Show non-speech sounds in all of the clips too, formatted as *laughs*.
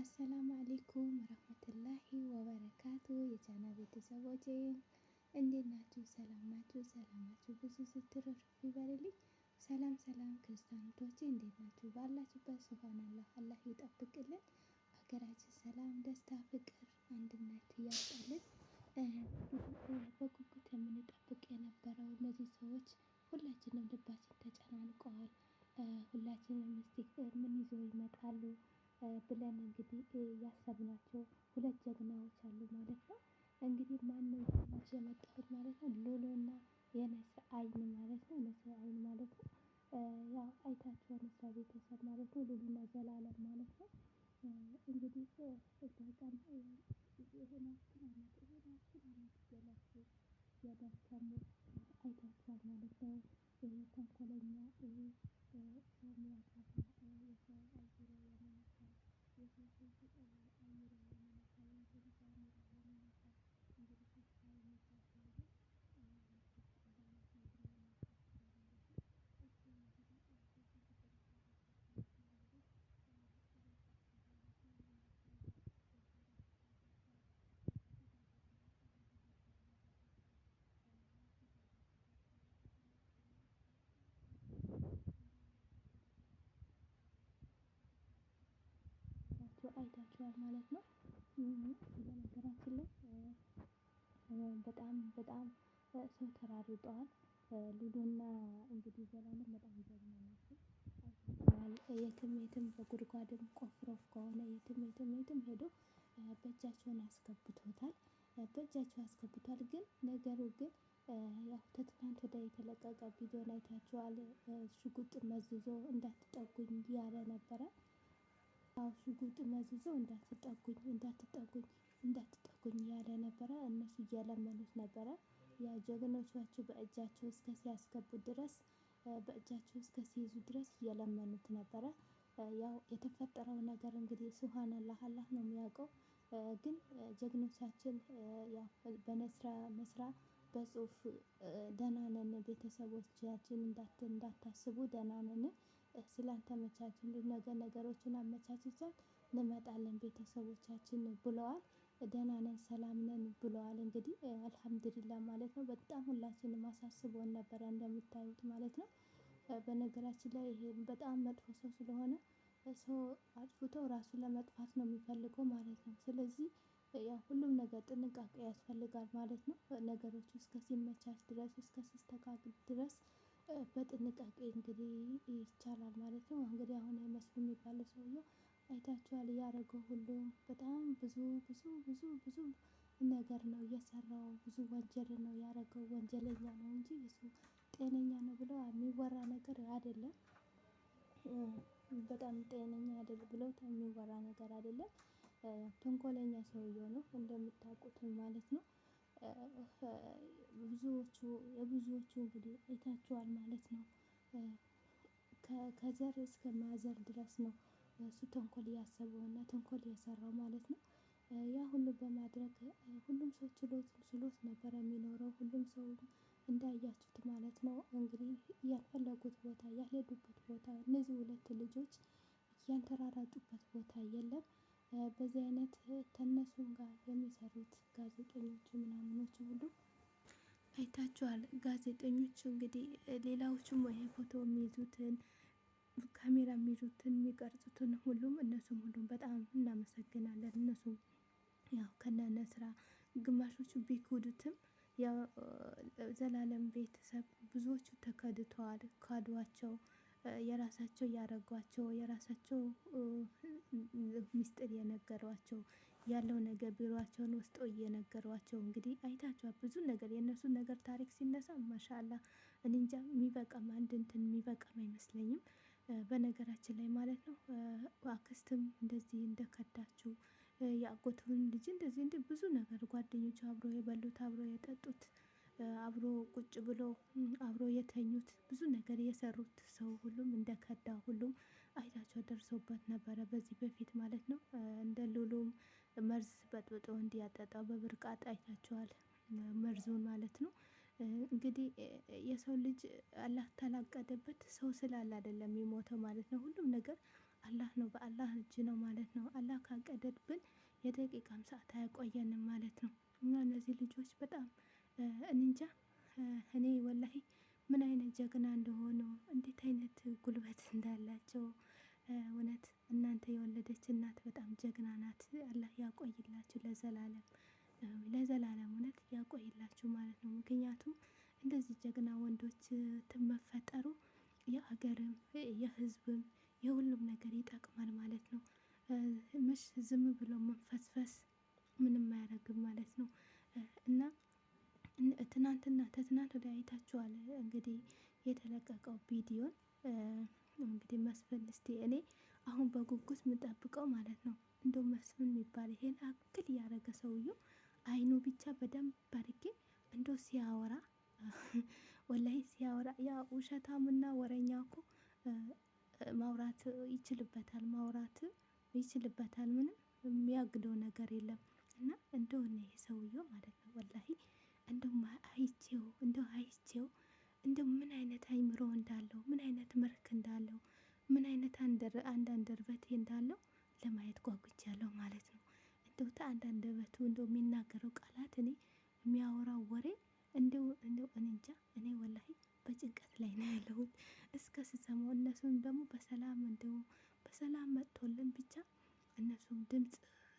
አሰላሙ አሌይኩም ረህመቱላሂ ወበረካቱ የቻና ቤተሰቦች እንዴት ናችሁ? ሰላም ናችሁ? ሰላም ናችሁ? ብዙ ስትረፍ ይበልልኝ። ሰላም ሰላም ክርስቲያኖች እንዴት ናችሁ? ባላችሁበት ሱብሃነላህ አላህ ይጠብቅልን። ሀገራችን ሰላም፣ ደስታ፣ ፍቅር፣ አንድነት ያብዛልን። በጉጉት ያሰብናቸው ሁለት ጀግናዎች አሉ ማለት ነው። እንግዲህ ማነው ይዤላችሁ የመጣሁት ማለት ነው ሎሎ እና የንስር አይን ማለት ነው። ንስር አይን ማለት ነው ያው አይታቸው እሷ ቤተሰብ ማለት ነው ሎሎ እና ዘላለም ማለት ነው። እንግዲህ በጣም የሆናችሁ አመት የሆናችሁ አመት እያላችሁ የደከሙ አይታችኋል ማለት ነው። ይህ ተንኮለኛ ይህ ሰው የሰው ልጅ አእምሮ የምንለው የሰው ልጅ አእምሮ ይኖራቸዋል ማለት ነው። በነገራችን ላይ በጣም በጣም ሰው ተራርቀዋል። ሉሉና እንግዲህ ዘላለም በጣም ይገርማል። የትም የትም በጉድጓድም ቆፍረው ከሆነ የትም የትም የትም ሄዶ በእጃቸውን አስገብቶታል። በእጃቸው አስገብቷል። ግን ነገሩ ግን ያው ከትናንት ወዲያ የተለቀቀ ቪዲዮ ላይ አይታችኋል። ሽጉጥ መዝዞ እንዳትጠጉኝ እያለ ነበረ። ሽጉጥ መዝዞ እንዳትጠጉኝ እንዳትጠጉኝ እንዳትጠጉኝ እያለ ነበረ። እነሱ እየለመኑት ነበረ። ያ ጀግኖቻቸው በእጃቸው እስከ ሲያስገቡ ድረስ በእጃቸው እስከ ሲይዙ ድረስ እየለመኑት ነበረ። ያው የተፈጠረው ነገር እንግዲህ ሱብሃነ አላህ አላህ ነው የሚያውቀው። ግን ጀግኖቻችን በነስራ መስራ በጽሁፍ ደህና ነን ቤተሰቦቻችን እንዳታስቡ ደህና ነን ስላልተመቻችልን ነገ ነገሮችን አመቻችተን እንመጣለን ቤተሰቦቻችን ብለዋል። ደህና ነን ሰላም ነን ብለዋል። እንግዲህ አልሐምዱሊላ ማለት ነው። በጣም ሁላችንም አሳስቦን ነበረ እንደምታዩት ማለት ነው። በነገራችን ላይ ይሄ በጣም መጥፎ ሰው ስለሆነ ሰው አጥፍቶ ራሱን ለመጥፋት ነው የሚፈልገው ማለት ነው። ስለዚህ ያ ሁሉም ነገር ጥንቃቄ ያስፈልጋል ማለት ነው። ነገሮች እስከ ሲመቻች ድረስ እስከ ሲስተካከል ድረስ በጥንቃቄ እንግዲህ ይቻላል ማለት ነው። እንግዲህ አሁን መስፍን የሚባለው ሰውዬው አይታችኋል እያደረገው ሁሉም በጣም ብዙ ብዙ ብዙ ብዙ ነገር ነው እየሰራው ብዙ ወንጀል ነው ያደረገው። ወንጀለኛ ነው እንጂ እሱ ጤነኛ ነው ብሎ የሚወራ ነገር አይደለም። በጣም ጤነኛ አይደለም ብሎ የሚወራ ነገር አይደለም። ተንኮለኛ ሰውዬ ነው እንደምታውቁት ማለት ነው። ብዙዎቹ የብዙዎቹ እንግዲህ አይታችኋል ማለት ነው። ከዘር እስከ ማዘር ድረስ ነው እሱ ተንኮል እያሰበው እና ተንኮል እየሰራው ማለት ነው። ያ ሁሉ በማድረግ ሁሉም ሰው ችሎት ችሎት ነበረ የሚኖረው ሁሉም ሰው እንዳያችሁት ማለት ነው። እንግዲህ ያልፈለጉት ቦታ ያልሄዱበት ቦታ እነዚህ ሁለት ልጆች ያልተራራጡበት ቦታ የለም። በዚህ አይነት ከእነሱም ጋር የሚሰሩት ጋዜጠኞች ምናምኖች ሁሉ አይታችኋል። ጋዜጠኞች እንግዲህ ሌላዎቹም ይሄ ፎቶ የሚይዙትን ካሜራ የሚይዙትን የሚቀርጹትን ሁሉም እነሱም ሁሉም በጣም እናመሰግናለን። እነሱ ያው ከነነ ስራ ግማሾቹ ቢክዱትም ያው ዘላለም ቤተሰብ ብዙዎቹ ተከድተዋል ካዷቸው። የራሳቸው ያረጓቸው የራሳቸው ሚስጥር የነገሯቸው ያለው ነገር ቢሯቸውን ውስጥ እየነገሯቸው እንግዲህ አይታቸዋል። ብዙ ነገር የእነሱን ነገር ታሪክ ሲነሳ ማሻላ እኔ እንጃ የሚበቃም አንድ እንትን የሚበቃም አይመስለኝም። በነገራችን ላይ ማለት ነው አክስትም እንደዚህ እንደከዳችው የአጎትም ልጅ እንደዚህ ብዙ ነገር ጓደኞቹ አብረው የበሉት አብረው የጠጡት አብሮ ቁጭ ብሎ አብሮ የተኙት ብዙ ነገር የሰሩት ሰው ሁሉም እንደከዳ ሁሉም አይታቸው ደርሶበት ነበረ። በዚህ በፊት ማለት ነው። እንደ ሉሉም መርዝ በጥብጦ እንዲያጠጣው በብርቃት አይታቸዋል። መርዙን ማለት ነው። እንግዲህ የሰው ልጅ አላህ ተላቀደበት ሰው ስላለ አይደለም የሞተው ማለት ነው። ሁሉም ነገር አላህ ነው፣ በአላህ እጅ ነው ማለት ነው። አላህ ካቀደብን የደቂቃም ሰዓት አያቆየንም ማለት ነው። እና እነዚህ ልጆች በጣም እንጃ እኔ ወላሂ ምን አይነት ጀግና እንደሆኑ እንዴት አይነት ጉልበት እንዳላቸው እውነት እናንተ የወለደች እናት በጣም ጀግና ናት። አላህ ያቆይላችሁ ለዘላለም ለዘላለም እውነት ያቆይላችሁ ማለት ነው። ምክንያቱም እንደዚህ ጀግና ወንዶች መፈጠሩ የሀገርም የህዝብም የሁሉም ነገር ይጠቅማል ማለት ነው። ምሽ ዝም ብሎ መንፈስፈስ ምንም አያደርግም ማለት ነው እና ትናንትና ተትናንት ወዲያ አይታችኋል እንግዲህ የተለቀቀው ቪዲዮን እንግዲህ መስፍን እስቲ እኔ አሁን በጉጉት የምጠብቀው ማለት ነው እንደ መስፍን የሚባል ይሄን አክል ያደረገ ሰውዬው አይኑ ብቻ በደንብ አድርጌ እንደ ሲያወራ *laughs* ወላይ ሲያወራ ያ ውሸታምና ወረኛ እኮ ማውራት ይችልበታል፣ ማውራት ይችልበታል። ምንም የሚያግደው ነገር የለም እና እንደው ይሄ ሰውዬው ማለት ነው ወላሂ እንደውም አይቼው እንደው አይቼው እንደው ምን አይነት አይምሮ እንዳለው ምን አይነት መልክ እንዳለው ምን አይነት አንደር አንድ አንደርበት እንዳለው ለማየት ጓጉቻለሁ ማለት ነው። እንደው ከአንድ አንደበቱ እንደው የሚናገረው ቃላት እኔ የሚያወራው ወሬ እንደው እንደው እኔ እንጃ እኔ ወላሂ በጭንቀት ላይ ነው ያለሁት እስከ ስሰማው እነሱም ደግሞ በሰላም እንደው በሰላም መጥቶልን ብቻ እነሱም ድምፅ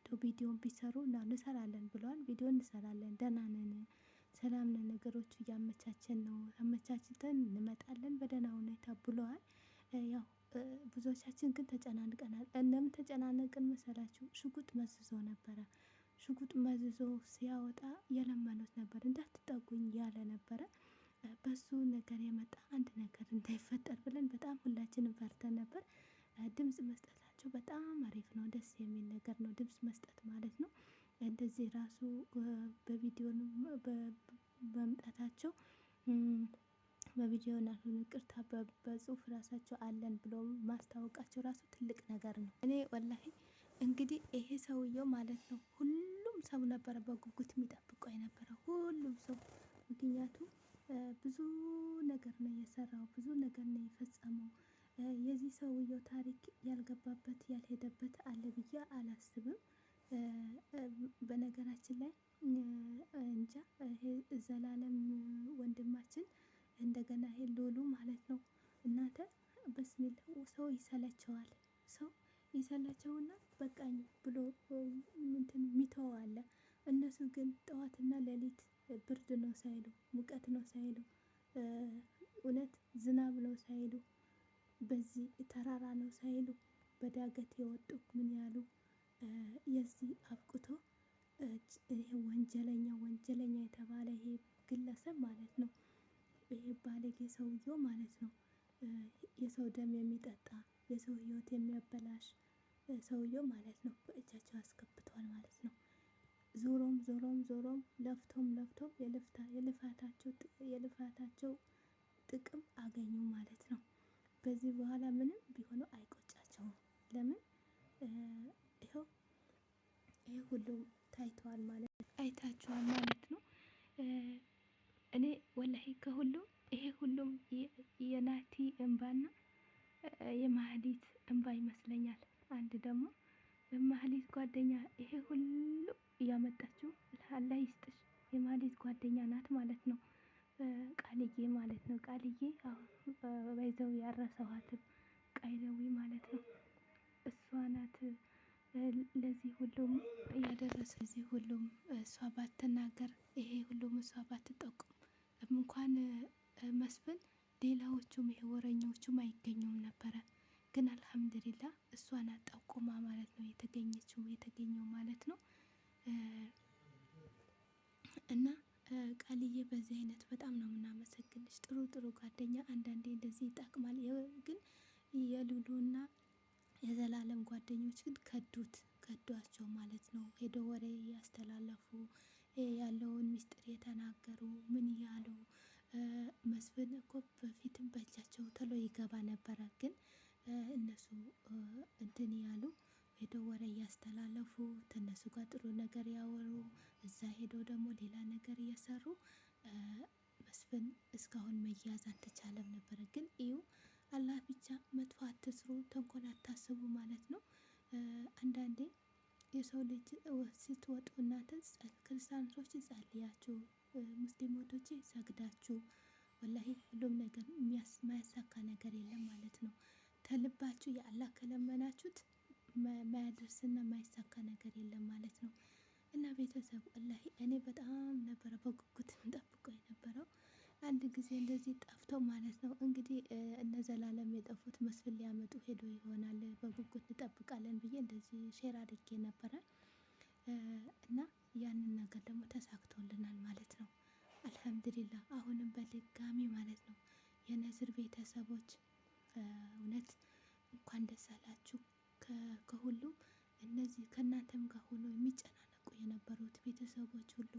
እንደው ቪዲዮን ቢሰሩ እና እንሰራለን ብለዋል። ቪዲዮ እንሰራለን ደህና ነን ሰላም ነው፣ ነገሮቹ እያመቻቸን ነው፣ አመቻችተን እንመጣለን በደህና ሁኔታ ብለዋል። ያው ብዙዎቻችን ግን ተጨናንቀናል። ለምን ተጨናነቅን መሰላችሁ? ሽጉጥ መዝዞ ነበረ። ሽጉጥ መዝዞ ሲያወጣ የለመኑት ነበር፣ እንዳትጠጉኝ ያለ ነበረ። በሱ ነገር የመጣ አንድ ነገር እንዳይፈጠር ብለን በጣም ሁላችንም ፈርተን ነበር። ድምፅ መስጠታቸው በጣም አሪፍ ነው፣ ደስ የሚል ነገር ነው ድምፅ መስጠት ማለት ነው። እንደዚህ ራሱ በቪዲዮ በመምጣታቸው በቪዲዮ ናሁን ይቅርታ በጽሁፍ ራሳቸው አለን ብሎ ማስታወቃቸው ራሱ ትልቅ ነገር ነው። እኔ ወላሂ እንግዲህ ይሄ ሰውየው ማለት ነው ሁሉም ሰው ነበረ በጉጉት የሚጠብቀው የነበረ ሁሉም ሰው ምክንያቱም ብዙ ነገር ነው የሰራው፣ ብዙ ነገር ነው የፈጸመው። የዚህ ሰውየው ታሪክ ያልገባበት ያልሄደበት አለ ብዬ አላስብም። በነገራችን ላይ እንጃ ዘላለም ወንድማችን እንደገና ይሄ ሎሉ ማለት ነው። እናንተ በስሚል ሰው ይሰለቸዋል። ሰው ይሰለቸውና በቃኝ ብሎ እንትን ሚተው አለ። እነሱ ግን ጠዋትና ሌሊት ብርድ ነው ሳይሉ፣ ሙቀት ነው ሳይሉ፣ እውነት ዝናብ ነው ሳይሉ፣ በዚህ ተራራ ነው ሳይሉ፣ በዳገት የወጡ ምን ያሉ የዚህ አብቅቶ ይሄ ወንጀለኛ ወንጀለኛ የተባለ ይሄ ግለሰብ ማለት ነው። ይሄ ባለጌ ሰውየው ማለት ነው። የሰው ደም የሚጠጣ የሰው ህይወት የሚያበላሽ ሰውየው ማለት ነው በእጃቸው አስገብቷል ማለት ነው። ዞሮም ዞሮም ዞሮም ለፍቶም ለፍቶም የልፋታቸው ጥቅም አገኙ ማለት ነው። በዚህ በኋላ ምንም ሁሉም ታይተዋል ማለት ነው። አይታችኋል ማለት ነው። እኔ ወላሂ ከሁሉም ይሄ ሁሉም የናቲ እንባና የማህሊት እንባ ይመስለኛል። አንድ ደግሞ የማህሊት ጓደኛ ይሄ ሁሉ እያመጣችው አላህ ይስጥሽ። የማህሊት ጓደኛ ናት ማለት ነው። ቃልዬ ማለት ነው። ቃልዬ በይዘው ያረሰዋትም ቀይረዊ ማለት ነው። እሷ ናት ለዚህ ሁሉም እያደረሰ ለዚህ ሁሉም እሷ ባትናገር ይሄ ሁሉም እሷ ባትጠቁም እንኳን መስፍን ሌላዎቹም ይሄ ወረኞቹም አይገኙም ነበረ። ግን አልሐምድሊላ እሷን አጠቁማ ማለት ነው የተገኘችው የተገኘው ማለት ነው። እና ቃልዬ በዚህ አይነት በጣም ነው የምናመሰግንሽ። ጥሩ ጥሩ ጓደኛ አንዳንዴ እንደዚህ ይጠቅማል። ግን የሉሉና የዘላለም ጓደኞች ግን ከዱት ከዷቸው ማለት ነው። ሄዶ ወሬ እያስተላለፉ ያለውን ምስጢር የተናገሩ ምን እያሉ መስፍን እኮ በፊትም በእጃቸው ተሎ ይገባ ነበረ። ግን እነሱ እንትን እያሉ ሄዶ ወሬ እያስተላለፉ ከእነሱ ጋር ጥሩ ነገር ያወሩ፣ እዛ ሄዶ ደግሞ ሌላ ነገር እየሰሩ መስፍን እስካሁን መያዝ አልተቻለም ነበረ። ግን እዩ አላህ ብቻ መጥፎ አትስሩ፣ ተንኮል አታስቡ ማለት ነው። አንዳንዴ የሰው ልጅ ስትወጡ እናንተ ክርስቲያኖች ጸልያችሁ፣ ሙስሊሞቶች ሰግዳችሁ፣ ወላሂ ሁሉም ነገር የማያሳካ ነገር የለም ማለት ነው። ከልባችሁ የአላህ ከለመናችሁት ማያደርስና ማይሳካ ነገር የለም ማለት ነው። እና ቤተሰብ ወላሂ እኔ በጣም ነበረ በጉጉት እንደዚህ እንደዚህ ጠፍተው ማለት ነው እንግዲህ እነ ዘላለም የጠፉት መስፍን ሊያመጡ ሄዶ ይሆናል። በጉጉት እንጠብቃለን ብዬ እንደዚህ ሼር አድርጌ ነበረ እና ያንን ነገር ደግሞ ተሳክቶልናል ማለት ነው። አልሐምዱሊላህ አሁንም በድጋሚ ማለት ነው የነስር ቤተሰቦች እውነት እንኳን ደስ አላችሁ። ከሁሉም እነዚህ ከእናንተም ጋር ሆኖ የሚጨናነቁ የነበሩት ቤተሰቦች ሁሉ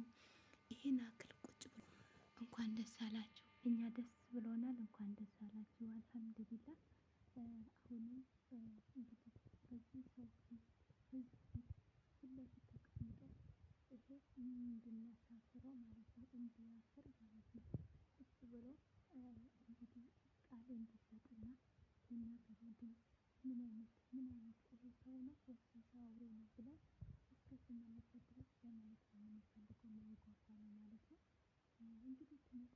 ይህን አክል ቁጭ ብሎ እንኳን ደስ አላችሁ። እኛ ደስ ብሎናል። እንኳን ደስ አላችሁ። አልሐምዱሊላ አሁንም እንግዲህ በዚህ ሰው ፊት ለፊት ተቀምጦ ይሄ እንድናሳፍረው ማለት ነው፣ እንዲያፍር ማለት ነው። ብሎ እንግዲህ ቃል እንዲሰጥና የሚያገቡትን ምን አይነት ምን አይነት ይሄ ሰው ነው ወይስ ሰው ነው ብለን እስከ ድረስ ለማየት ነው የምንፈልገው ማለት ነው እንግዲህ ትምህርት